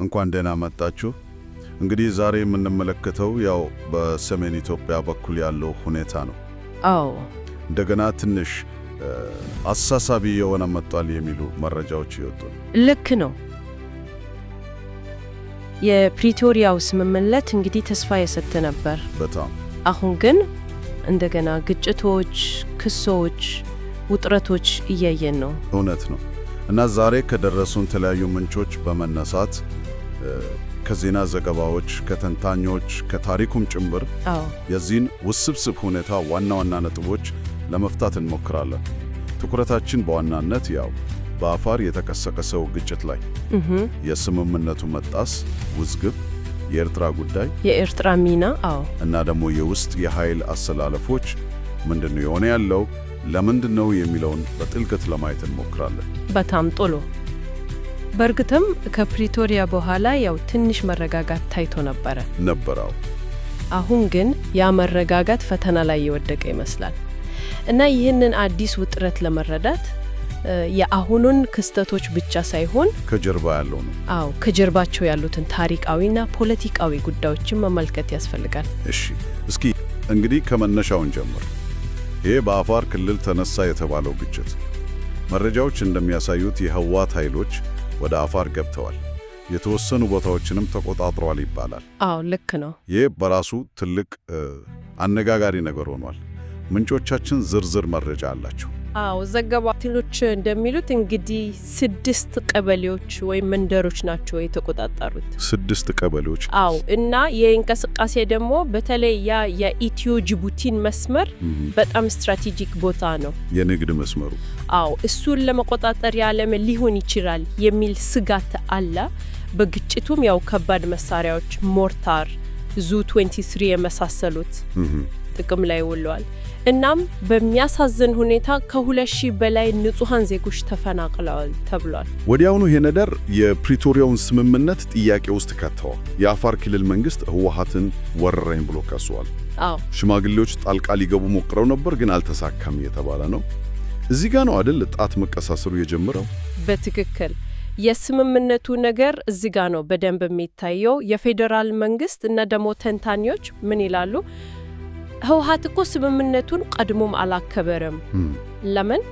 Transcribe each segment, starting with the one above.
እንኳን ደህና መጣችሁ። እንግዲህ ዛሬ የምንመለከተው ያው በሰሜን ኢትዮጵያ በኩል ያለው ሁኔታ ነው። አዎ እንደገና ትንሽ አሳሳቢ የሆነ መጥቷል የሚሉ መረጃዎች ይወጡ። ልክ ነው። የፕሪቶሪያው ስምምነት እንግዲህ ተስፋ የሰጠ ነበር በጣም አሁን ግን እንደገና ግጭቶች፣ ክሶች፣ ውጥረቶች እያየን ነው። እውነት ነው። እና ዛሬ ከደረሱን የተለያዩ ምንጮች በመነሳት ከዜና ዘገባዎች፣ ከተንታኞች፣ ከታሪኩም ጭምር የዚህን ውስብስብ ሁኔታ ዋና ዋና ነጥቦች ለመፍታት እንሞክራለን። ትኩረታችን በዋናነት ያው በአፋር የተቀሰቀሰው ግጭት ላይ፣ የስምምነቱ መጣስ ውዝግብ፣ የኤርትራ ጉዳይ፣ የኤርትራ ሚና፣ አዎ እና ደግሞ የውስጥ የኃይል አሰላለፎች ምንድን የሆነ ያለው ለምንድን ነው የሚለውን በጥልቀት ለማየት እንሞክራለን። በጣም ጥሎ በእርግጥም ከፕሪቶሪያ በኋላ ያው ትንሽ መረጋጋት ታይቶ ነበረ ነበረው። አሁን ግን ያ መረጋጋት ፈተና ላይ የወደቀ ይመስላል እና ይህንን አዲስ ውጥረት ለመረዳት የአሁኑን ክስተቶች ብቻ ሳይሆን ከጀርባ ያለው ነው። አዎ ከጀርባቸው ያሉትን ታሪካዊና ፖለቲካዊ ጉዳዮችን መመልከት ያስፈልጋል። እሺ እስኪ እንግዲህ ከመነሻውን ጀምር። ይሄ በአፋር ክልል ተነሳ የተባለው ግጭት መረጃዎች እንደሚያሳዩት የህወሓት ኃይሎች ወደ አፋር ገብተዋል። የተወሰኑ ቦታዎችንም ተቆጣጥሯል ይባላል። አዎ ልክ ነው። ይህ በራሱ ትልቅ አነጋጋሪ ነገር ሆኗል። ምንጮቻችን ዝርዝር መረጃ አላቸው። አዎ ዘጋባቲሎች እንደሚሉት እንግዲህ ስድስት ቀበሌዎች ወይም መንደሮች ናቸው የተቆጣጠሩት። ስድስት ቀበሌዎች። አዎ እና ይህ እንቅስቃሴ ደግሞ በተለይ ያ የኢትዮ ጅቡቲን መስመር በጣም ስትራቴጂክ ቦታ ነው፣ የንግድ መስመሩ አዎ እሱን ለመቆጣጠር ያለም ሊሆን ይችላል የሚል ስጋት አለ። በግጭቱም ያው ከባድ መሳሪያዎች ሞርታር፣ ዙ 23 የመሳሰሉት ጥቅም ላይ ውለዋል። እናም በሚያሳዝን ሁኔታ ከሁለት ሺህ በላይ ንጹሐን ዜጎች ተፈናቅለዋል ተብሏል። ወዲያውኑ ይሄ ነደር የፕሪቶሪያውን ስምምነት ጥያቄ ውስጥ ከተዋል። የአፋር ክልል መንግስት ህወሓትን ወረረኝ ብሎ ከሷል። አዎ ሽማግሌዎች ጣልቃ ሊገቡ ሞክረው ነበር፣ ግን አልተሳካም እየተባለ ነው። እዚህ ጋ ነው አደል ጣት መቀሳሰሩ የጀመረው። በትክክል የስምምነቱ ነገር እዚህ ጋ ነው በደንብ የሚታየው። የፌዴራል መንግስት እና ደግሞ ተንታኞች ምን ይላሉ? ህውሀት እኮ ስምምነቱን ቀድሞም አላከበረም። ለምን?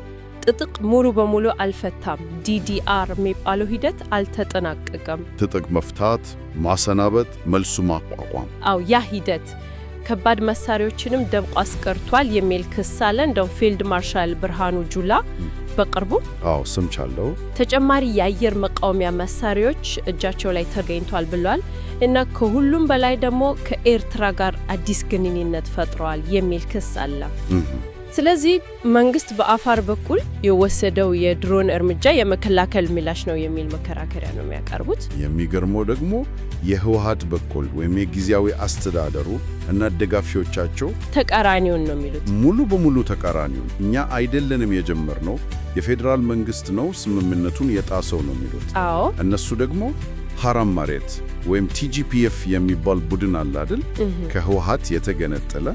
ትጥቅ ሙሉ በሙሉ አልፈታም። ዲዲአር የሚባለው ሂደት አልተጠናቀቀም። ትጥቅ መፍታት፣ ማሰናበት፣ መልሱ ማቋቋም። አዎ ያ ሂደት ከባድ መሳሪያዎችንም ደብቆ አስቀርቷል የሚል ክስ አለ። እንደው ፊልድ ማርሻል ብርሃኑ ጁላ በቅርቡ አዎ ሰምቻለሁ፣ ተጨማሪ የአየር መቃወሚያ መሳሪያዎች እጃቸው ላይ ተገኝቷል ብሏል። እና ከሁሉም በላይ ደግሞ ከኤርትራ ጋር አዲስ ግንኙነት ፈጥረዋል የሚል ክስ አለ። ስለዚህ መንግስት በአፋር በኩል የወሰደው የድሮን እርምጃ የመከላከል ምላሽ ነው የሚል መከራከሪያ ነው የሚያቀርቡት። የሚገርመው ደግሞ የህወሀት በኩል ወይም የጊዜያዊ አስተዳደሩ እና ደጋፊዎቻቸው ተቃራኒውን ነው የሚሉት። ሙሉ በሙሉ ተቃራኒውን፣ እኛ አይደለንም የጀመርነው፣ የፌዴራል መንግስት ነው ስምምነቱን የጣሰው ነው የሚሉት። አዎ እነሱ ደግሞ ሐራም መሬት ወይም ቲጂፒኤፍ የሚባል ቡድን አለ አይደል? ከህወሀት የተገነጠለ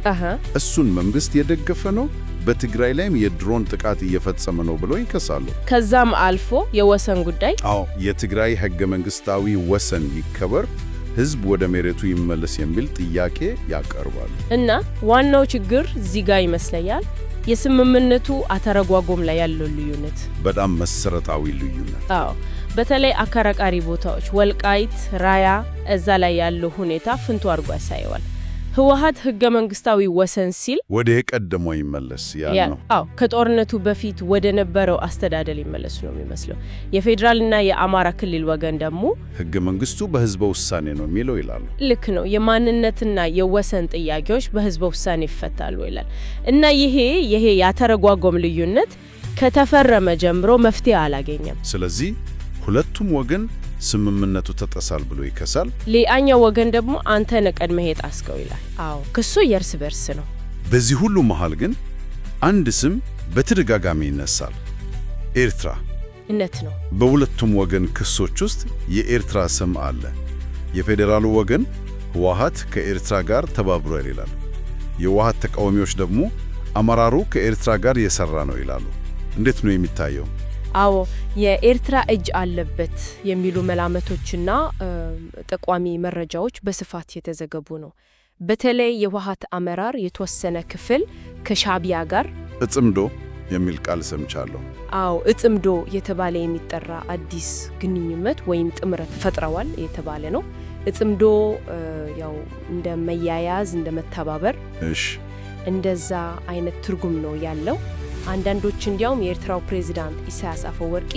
እሱን መንግስት የደገፈ ነው፣ በትግራይ ላይም የድሮን ጥቃት እየፈጸመ ነው ብለው ይከሳሉ። ከዛም አልፎ የወሰን ጉዳይ አዎ፣ የትግራይ ህገ መንግስታዊ ወሰን ይከበር፣ ህዝብ ወደ መሬቱ ይመለስ የሚል ጥያቄ ያቀርባሉ። እና ዋናው ችግር ዚጋ ይመስለኛል የስምምነቱ አተረጓጎም ላይ ያለው ልዩነት፣ በጣም መሰረታዊ ልዩነት። አዎ በተለይ አከራካሪ ቦታዎች ወልቃይት፣ ራያ እዛ ላይ ያለው ሁኔታ ፍንቱ አድርጎ ያሳየዋል። ህወሓት ህገ መንግስታዊ ወሰን ሲል ወደ ቀደሞ ይመለስ ያ ነው። አዎ ከጦርነቱ በፊት ወደ ነበረው አስተዳደር ይመለሱ ነው የሚመስለው። የፌዴራልና የአማራ ክልል ወገን ደግሞ ህገ መንግስቱ በህዝበ ውሳኔ ነው የሚለው ይላሉ። ልክ ነው። የማንነትና የወሰን ጥያቄዎች በህዝበ ውሳኔ ይፈታሉ ይላል እና ይሄ ይሄ ያተረጓጎም ልዩነት ከተፈረመ ጀምሮ መፍትሄ አላገኘም። ስለዚህ ሁለቱም ወገን ስምምነቱ ተጠሳል ብሎ ይከሳል። ሌላኛው ወገን ደግሞ አንተ ነህ ቀድመህ የጣስከው ይላል። አዎ ክሱ የእርስ በርስ ነው። በዚህ ሁሉ መሃል ግን አንድ ስም በተደጋጋሚ ይነሳል። ኤርትራ ነት ነው። በሁለቱም ወገን ክሶች ውስጥ የኤርትራ ስም አለ። የፌዴራሉ ወገን ህወሓት ከኤርትራ ጋር ተባብሯል ይላል። የህወሓት ተቃዋሚዎች ደግሞ አመራሩ ከኤርትራ ጋር የሰራ ነው ይላሉ። እንዴት ነው የሚታየው? አዎ የኤርትራ እጅ አለበት የሚሉ መላመቶችና ጠቋሚ መረጃዎች በስፋት የተዘገቡ ነው። በተለይ የውሃት አመራር የተወሰነ ክፍል ከሻቢያ ጋር እጽምዶ የሚል ቃል ሰምቻለሁ። አዎ እጽምዶ የተባለ የሚጠራ አዲስ ግንኙነት ወይም ጥምረት ፈጥረዋል የተባለ ነው። እጽምዶ ያው እንደ መያያዝ፣ እንደ መተባበር፣ እሺ እንደዛ አይነት ትርጉም ነው ያለው። አንዳንዶች እንዲያውም የኤርትራው ፕሬዚዳንት ኢሳያስ አፈወርቂ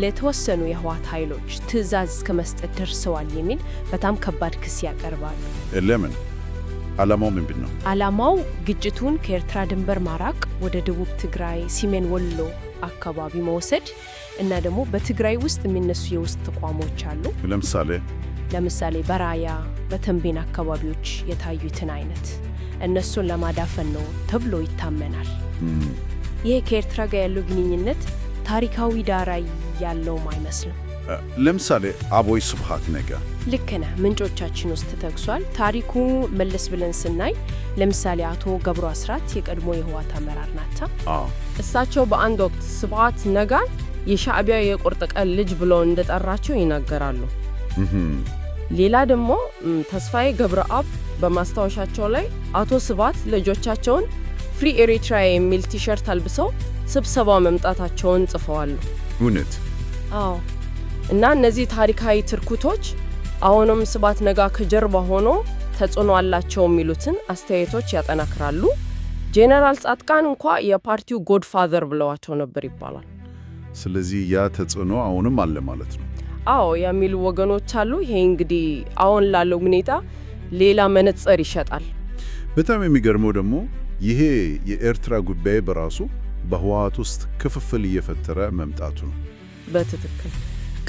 ለተወሰኑ የህወሓት ኃይሎች ትዕዛዝ እስከ መስጠት ደርሰዋል የሚል በጣም ከባድ ክስ ያቀርባሉ። ለምን? ዓላማው ምንድን ነው? ዓላማው ግጭቱን ከኤርትራ ድንበር ማራቅ፣ ወደ ደቡብ ትግራይ፣ ሰሜን ወሎ አካባቢ መውሰድ እና ደግሞ በትግራይ ውስጥ የሚነሱ የውስጥ ተቋሞች አሉ። ለምሳሌ ለምሳሌ በራያ በተንቤን አካባቢዎች የታዩትን አይነት እነሱን ለማዳፈን ነው ተብሎ ይታመናል። ይሄ ከኤርትራ ጋር ያለው ግንኙነት ታሪካዊ ዳራ ያለውም አይመስልም። ለምሳሌ አቦይ ስብሃት ነጋ ልክ ነህ፣ ምንጮቻችን ውስጥ ተጠቅሷል። ታሪኩ መለስ ብለን ስናይ ለምሳሌ አቶ ገብሩ አስራት የቀድሞ የህወሓት አመራር ናቸው። እሳቸው በአንድ ወቅት ስብሃት ነጋን የሻዕቢያ የቁርጥ ቀን ልጅ ብለው እንደጠራቸው ይናገራሉ። ሌላ ደግሞ ተስፋዬ ገብረአብ በማስታወሻቸው ላይ አቶ ስብሃት ልጆቻቸውን ፍሪ ኤሪትራ የሚል ቲሸርት አልብሰው ስብሰባ መምጣታቸውን ጽፈዋሉ። እውነት? አዎ። እና እነዚህ ታሪካዊ ትርኩቶች አሁንም ስባት ነጋ ከጀርባ ሆኖ ተጽዕኖ አላቸው የሚሉትን አስተያየቶች ያጠናክራሉ። ጄኔራል ጻድቃን እንኳ የፓርቲው ጎድፋዘር ብለዋቸው ነበር ይባላል። ስለዚህ ያ ተጽዕኖ አሁንም አለ ማለት ነው? አዎ የሚሉ ወገኖች አሉ። ይሄ እንግዲህ አሁን ላለው ሁኔታ ሌላ መነጽር ይሸጣል። በጣም የሚገርመው ደግሞ ይሄ የኤርትራ ጉዳይ በራሱ በህወሓት ውስጥ ክፍፍል እየፈጠረ መምጣቱ ነው። በትክክል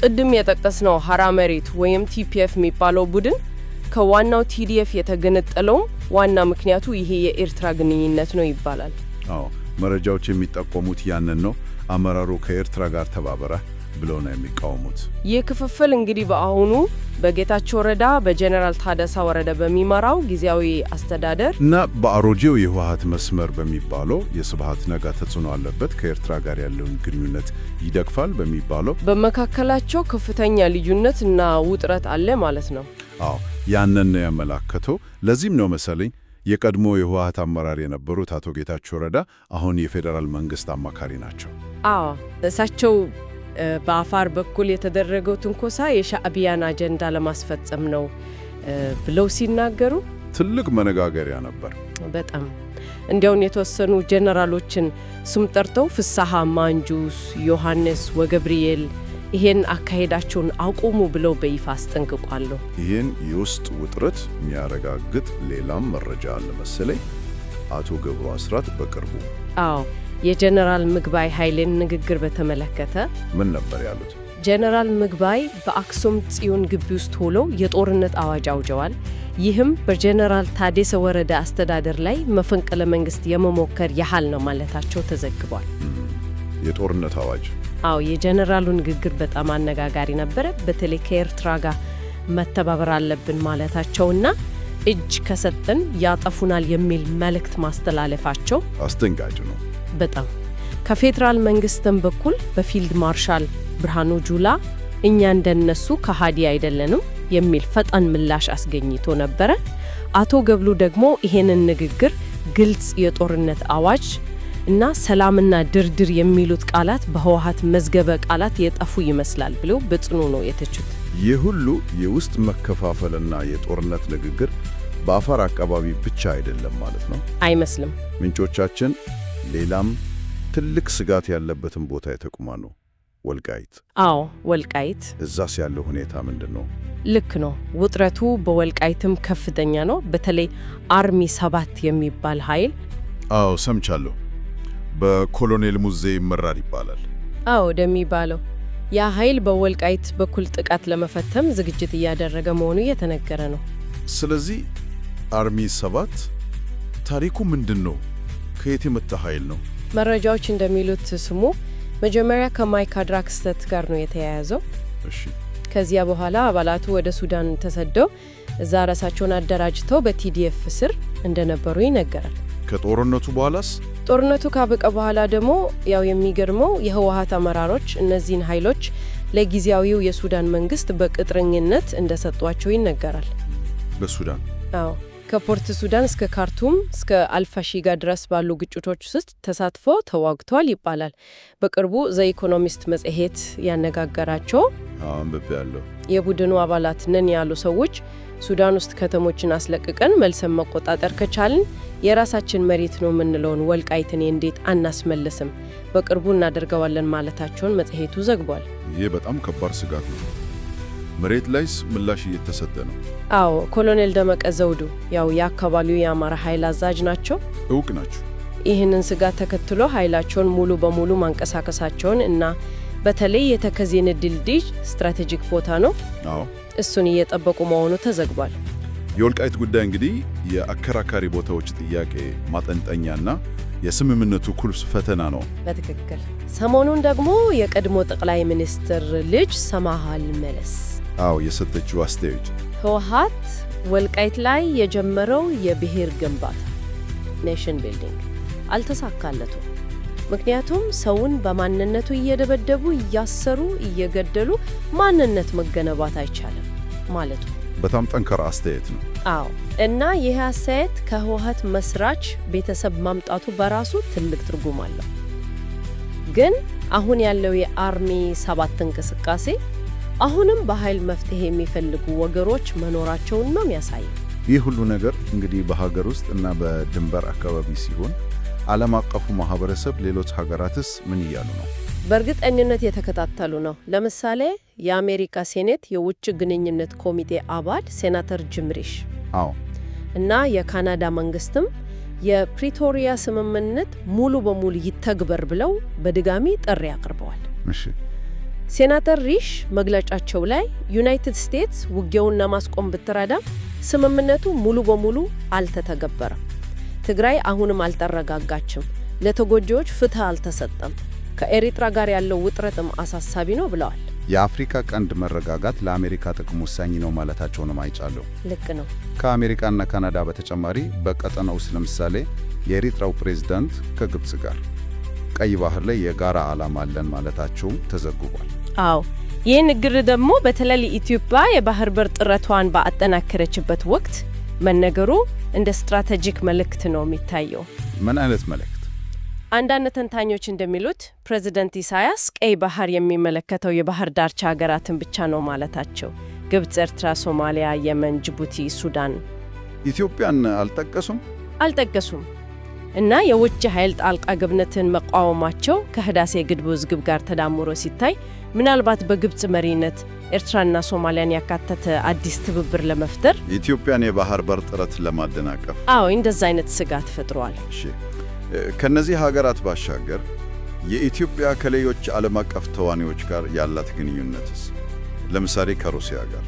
ቅድም የጠቀስነው ሀራ መሬት ወይም ቲፒኤፍ የሚባለው ቡድን ከዋናው ቲዲኤፍ የተገነጠለውም ዋና ምክንያቱ ይሄ የኤርትራ ግንኙነት ነው ይባላል። አዎ መረጃዎች የሚጠቆሙት ያንን ነው። አመራሩ ከኤርትራ ጋር ተባበረ። ብለው ነው የሚቃወሙት። ይህ ክፍፍል እንግዲህ በአሁኑ በጌታቸው ረዳ በጀኔራል ታደሳ ወረደ በሚመራው ጊዜያዊ አስተዳደር እና በአሮጌው የህወሀት መስመር በሚባለው የስብሀት ነጋ ተጽዕኖ አለበት ከኤርትራ ጋር ያለውን ግንኙነት ይደግፋል በሚባለው በመካከላቸው ከፍተኛ ልዩነት እና ውጥረት አለ ማለት ነው። አዎ ያንን ነው ያመላከተው። ለዚህም ነው መሰለኝ የቀድሞ የህወሀት አመራር የነበሩት አቶ ጌታቸው ረዳ አሁን የፌዴራል መንግስት አማካሪ ናቸው። አዎ እሳቸው በአፋር በኩል የተደረገው ትንኮሳ የሻዕቢያን አጀንዳ ለማስፈጸም ነው ብለው ሲናገሩ ትልቅ መነጋገሪያ ነበር። በጣም እንዲያውን የተወሰኑ ጀነራሎችን ስም ጠርተው ፍስሐ ማንጁስ፣ ዮሐንስ ወገብርኤል ይሄን አካሄዳቸውን አቁሙ ብለው በይፋ አስጠንቅቋለሁ። ይህን የውስጥ ውጥረት የሚያረጋግጥ ሌላም መረጃ አለ መሰለኝ አቶ ገብሩ አስራት በቅርቡ አዎ የጀነራል ምግባይ ኃይሌን ንግግር በተመለከተ ምን ነበር ያሉት? ጀነራል ምግባይ በአክሱም ጽዮን ግቢ ውስጥ ሆሎ የጦርነት አዋጅ አውጀዋል። ይህም በጀነራል ታደሰ ወረደ አስተዳደር ላይ መፈንቅለ መንግስት የመሞከር ያህል ነው ማለታቸው ተዘግቧል። የጦርነት አዋጅ አዎ፣ የጀነራሉ ንግግር በጣም አነጋጋሪ ነበረ። በተለይ ከኤርትራ ጋር መተባበር አለብን ማለታቸውና እጅ ከሰጠን ያጠፉናል የሚል መልእክት ማስተላለፋቸው አስደንጋጭ ነው። በጣም ከፌዴራል መንግስትም በኩል በፊልድ ማርሻል ብርሃኑ ጁላ እኛ እንደነሱ ከሃዲ አይደለንም የሚል ፈጣን ምላሽ አስገኝቶ ነበረ። አቶ ገብሉ ደግሞ ይሄንን ንግግር ግልጽ የጦርነት አዋጅ እና ሰላምና ድርድር የሚሉት ቃላት በህወሓት መዝገበ ቃላት የጠፉ ይመስላል ብለው በጽኑ ነው የተቹት። ይህ ሁሉ የውስጥ መከፋፈልና የጦርነት ንግግር በአፋር አካባቢ ብቻ አይደለም ማለት ነው አይመስልም ምንጮቻችን ሌላም ትልቅ ስጋት ያለበትን ቦታ የተቁማ ነው ወልቃይት። አዎ ወልቃይት። እዛስ ያለው ሁኔታ ምንድን ነው? ልክ ነው። ውጥረቱ በወልቃይትም ከፍተኛ ነው። በተለይ አርሚ ሰባት የሚባል ኃይል። አዎ ሰምቻለሁ። በኮሎኔል ሙዜ ይመራል ይባላል። አዎ ደሚባለው ያ ኃይል በወልቃይት በኩል ጥቃት ለመፈተም ዝግጅት እያደረገ መሆኑ እየተነገረ ነው። ስለዚህ አርሚ ሰባት ታሪኩ ምንድን ነው? ከየት የመጣ ኃይል ነው? መረጃዎች እንደሚሉት ስሙ መጀመሪያ ከማይካድራ ክስተት ጋር ነው የተያያዘው። እሺ። ከዚያ በኋላ አባላቱ ወደ ሱዳን ተሰደው እዛ ራሳቸውን አደራጅተው በቲዲኤፍ ስር እንደነበሩ ይነገራል። ከጦርነቱ በኋላስ? ጦርነቱ ካበቀ በኋላ ደግሞ ያው የሚገርመው የህወሀት አመራሮች እነዚህን ኃይሎች ለጊዜያዊው የሱዳን መንግስት በቅጥረኝነት እንደሰጧቸው ይነገራል። በሱዳን አዎ። ከፖርት ሱዳን እስከ ካርቱም እስከ አልፋሺጋ ድረስ ባሉ ግጭቶች ውስጥ ተሳትፎ ተዋግቷል ይባላል። በቅርቡ ዘኢኮኖሚስት መጽሔት ያነጋገራቸው የቡድኑ አባላት ነን ያሉ ሰዎች ሱዳን ውስጥ ከተሞችን አስለቅቀን መልሰን መቆጣጠር ከቻልን የራሳችን መሬት ነው የምንለውን ወልቃይትን እንዴት አናስመልስም? በቅርቡ እናደርገዋለን ማለታቸውን መጽሔቱ ዘግቧል። ይህ በጣም ከባድ ስጋት ነው። መሬት ላይስ ምላሽ እየተሰጠ ነው? አዎ፣ ኮሎኔል ደመቀ ዘውዱ ያው የአካባቢው የአማራ ኃይል አዛዥ ናቸው። እውቅ ናቸው። ይህንን ስጋት ተከትሎ ኃይላቸውን ሙሉ በሙሉ ማንቀሳቀሳቸውን እና በተለይ የተከዜን ድልድይ ስትራቴጂክ ቦታ ነው። አዎ፣ እሱን እየጠበቁ መሆኑ ተዘግቧል። የወልቃይት ጉዳይ እንግዲህ የአከራካሪ ቦታዎች ጥያቄ ማጠንጠኛና የስምምነቱ ቁልፍ ፈተና ነው። በትክክል ሰሞኑን ደግሞ የቀድሞ ጠቅላይ ሚኒስትር ልጅ ሰማሃል መለስ አዎ የሰጠችው አስተያየት ህወሓት ወልቃይት ላይ የጀመረው የብሔር ግንባታ ኔሽን ቢልዲንግ አልተሳካለቱም። ምክንያቱም ሰውን በማንነቱ እየደበደቡ፣ እያሰሩ፣ እየገደሉ ማንነት መገነባት አይቻልም ማለት ነው። በጣም ጠንካራ አስተያየት ነው። አዎ እና ይህ አስተያየት ከህወሓት መስራች ቤተሰብ ማምጣቱ በራሱ ትልቅ ትርጉም አለው። ግን አሁን ያለው የአርሚ ሰባት እንቅስቃሴ አሁንም በኃይል መፍትሄ የሚፈልጉ ወገሮች መኖራቸውን ነው የሚያሳየው። ይህ ሁሉ ነገር እንግዲህ በሀገር ውስጥ እና በድንበር አካባቢ ሲሆን ዓለም አቀፉ ማህበረሰብ፣ ሌሎች ሀገራትስ ምን እያሉ ነው? በእርግጠኝነት የተከታተሉ ነው። ለምሳሌ የአሜሪካ ሴኔት የውጭ ግንኙነት ኮሚቴ አባል ሴናተር ጅምሪሽ አዎ እና የካናዳ መንግስትም የፕሪቶሪያ ስምምነት ሙሉ በሙሉ ይተግበር ብለው በድጋሚ ጥሪ አቅርበዋል። እሺ ሴናተር ሪሽ መግለጫቸው ላይ ዩናይትድ ስቴትስ ውጊያውን ለማስቆም ብትረዳም ስምምነቱ ሙሉ በሙሉ አልተተገበረም። ትግራይ አሁንም አልተረጋጋችም፣ ለተጎጂዎች ፍትህ አልተሰጠም፣ ከኤሪትራ ጋር ያለው ውጥረትም አሳሳቢ ነው ብለዋል። የአፍሪካ ቀንድ መረጋጋት ለአሜሪካ ጥቅም ወሳኝ ነው ማለታቸውንም አይቻለሁ። ልክ ነው። ከአሜሪካና ካናዳ በተጨማሪ በቀጠናው ውስጥ ለምሳሌ የኤሪትራው ፕሬዝዳንት ከግብፅ ጋር ቀይ ባህር ላይ የጋራ ዓላማ አለን ማለታቸውም ተዘግቧል። አዎ ይህ ንግግር ደግሞ በተለይ ኢትዮጵያ የባህር በር ጥረቷን ባጠናከረችበት ወቅት መነገሩ እንደ ስትራቴጂክ መልእክት ነው የሚታየው። ምን አይነት መልእክት? አንዳንድ ተንታኞች እንደሚሉት ፕሬዚደንት ኢሳያስ ቀይ ባህር የሚመለከተው የባህር ዳርቻ ሀገራትን ብቻ ነው ማለታቸው፣ ግብፅ፣ ኤርትራ፣ ሶማሊያ፣ የመን፣ ጅቡቲ፣ ሱዳን። ኢትዮጵያን አልጠቀሱም አልጠቀሱም። እና የውጭ ኃይል ጣልቃ ገብነትን መቃወማቸው ከህዳሴ ግድብ ውዝግብ ጋር ተዳምሮ ሲታይ ምናልባት በግብፅ መሪነት ኤርትራና ሶማሊያን ያካተተ አዲስ ትብብር ለመፍጠር የኢትዮጵያን የባህር በር ጥረት ለማደናቀፍ አዎ እንደዛ አይነት ስጋት ፈጥሯል። ከነዚህ ሀገራት ባሻገር የኢትዮጵያ ከሌሎች ዓለም አቀፍ ተዋኒዎች ጋር ያላት ግንኙነትስ? ለምሳሌ ከሩሲያ ጋር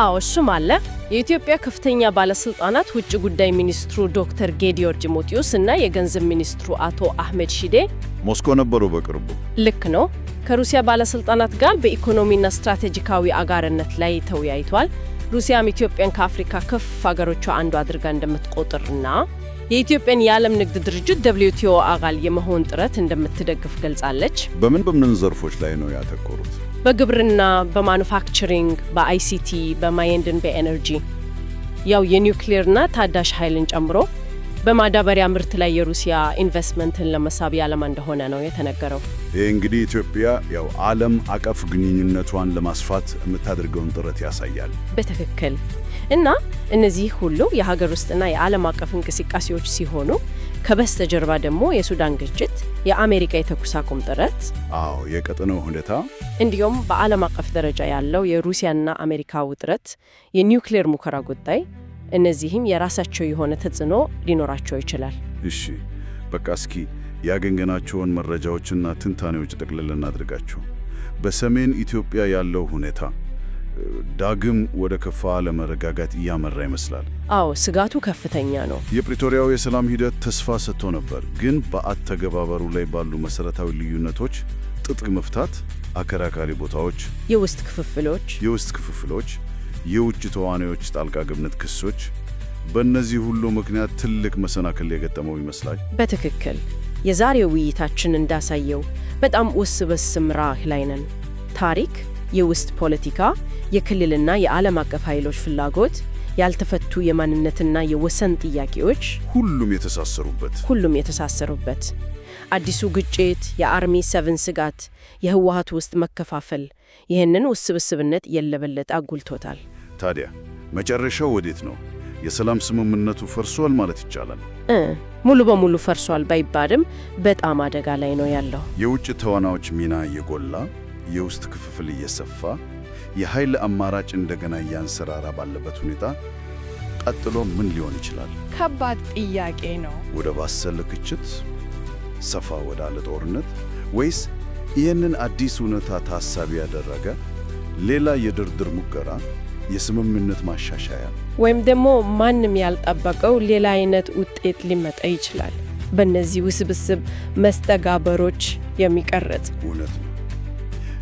አዎ እሱም አለ። የኢትዮጵያ ከፍተኛ ባለስልጣናት ውጭ ጉዳይ ሚኒስትሩ ዶክተር ጌዲዮር ጢሞቴዎስ እና የገንዘብ ሚኒስትሩ አቶ አህመድ ሺዴ ሞስኮ ነበሩ በቅርቡ። ልክ ነው። ከሩሲያ ባለስልጣናት ጋር በኢኮኖሚና ስትራቴጂካዊ አጋርነት ላይ ተወያይቷል። ሩሲያም ኢትዮጵያን ከአፍሪካ ከፍ ሀገሮቿ አንዱ አድርጋ እንደምትቆጥርና የኢትዮጵያን የዓለም ንግድ ድርጅት ደብሊውቲኦ አባል የመሆን ጥረት እንደምትደግፍ ገልጻለች። በምን በምን ዘርፎች ላይ ነው ያተኮሩት? በግብርና፣ በማኑፋክቸሪንግ፣ በአይሲቲ፣ በማይንድን፣ በኤነርጂ ያው የኒውክሌርና ታዳሽ ኃይልን ጨምሮ በማዳበሪያ ምርት ላይ የሩሲያ ኢንቨስትመንትን ለመሳብ ያለማ እንደሆነ ነው የተነገረው። ይህ እንግዲህ ኢትዮጵያ ያው ዓለም አቀፍ ግንኙነቷን ለማስፋት የምታደርገውን ጥረት ያሳያል። በትክክል እና እነዚህ ሁሉ የሀገር ውስጥና የዓለም አቀፍ እንቅስቃሴዎች ሲሆኑ ከበስተጀርባ ደግሞ የሱዳን ግጭት፣ የአሜሪካ የተኩስ አቁም ጥረት፣ አዎ የቀጠናው ሁኔታ፣ እንዲሁም በዓለም አቀፍ ደረጃ ያለው የሩሲያና አሜሪካ ውጥረት፣ የኒውክሌር ሙከራ ጉዳይ፣ እነዚህም የራሳቸው የሆነ ተጽዕኖ ሊኖራቸው ይችላል። እሺ በቃ እስኪ ያገኘናቸውን መረጃዎችና ትንታኔዎች ጠቅልል እናድርጋቸው። በሰሜን ኢትዮጵያ ያለው ሁኔታ ዳግም ወደ ከፋ ለመረጋጋት እያመራ ይመስላል። አዎ ስጋቱ ከፍተኛ ነው። የፕሪቶሪያው የሰላም ሂደት ተስፋ ሰጥቶ ነበር፣ ግን በአተገባበሩ ላይ ባሉ መሰረታዊ ልዩነቶች ትጥቅ መፍታት፣ አከራካሪ ቦታዎች፣ የውስጥ ክፍፍሎች የውስጥ ክፍፍሎች፣ የውጭ ተዋናዮች ጣልቃ ገብነት፣ ክሶች በእነዚህ ሁሉ ምክንያት ትልቅ መሰናክል የገጠመው ይመስላል። በትክክል የዛሬው ውይይታችን እንዳሳየው በጣም ውስብስብ ምዕራፍ ላይ ነን። ታሪክ፣ የውስጥ ፖለቲካ የክልልና የዓለም አቀፍ ኃይሎች ፍላጎት፣ ያልተፈቱ የማንነትና የወሰን ጥያቄዎች፣ ሁሉም የተሳሰሩበት ሁሉም የተሳሰሩበት አዲሱ ግጭት፣ የአርሚ ሰቨን ስጋት፣ የህወሀት ውስጥ መከፋፈል ይህንን ውስብስብነት የለበለጠ አጉልቶታል። ታዲያ መጨረሻው ወዴት ነው? የሰላም ስምምነቱ ፈርሷል ማለት ይቻላል? ሙሉ በሙሉ ፈርሷል ባይባልም በጣም አደጋ ላይ ነው ያለው። የውጭ ተዋናዮች ሚና እየጎላ የውስጥ ክፍፍል እየሰፋ የኃይል አማራጭ እንደገና እያንሰራራ ባለበት ሁኔታ ቀጥሎ ምን ሊሆን ይችላል? ከባድ ጥያቄ ነው። ወደ ባሰለ ግጭት፣ ሰፋ ወዳለ ጦርነት፣ ወይስ ይህንን አዲስ እውነታ ታሳቢ ያደረገ ሌላ የድርድር ሙከራ፣ የስምምነት ማሻሻያ ወይም ደግሞ ማንም ያልጠበቀው ሌላ አይነት ውጤት ሊመጣ ይችላል። በእነዚህ ውስብስብ መስተጋበሮች የሚቀረጽ እውነት ነው።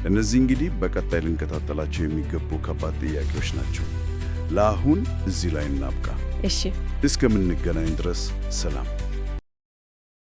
እነዚህ እንግዲህ በቀጣይ ልንከታተላቸው የሚገቡ ከባድ ጥያቄዎች ናቸው። ለአሁን እዚህ ላይ እናብቃ። እሺ፣ እስከምንገናኝ ድረስ ሰላም።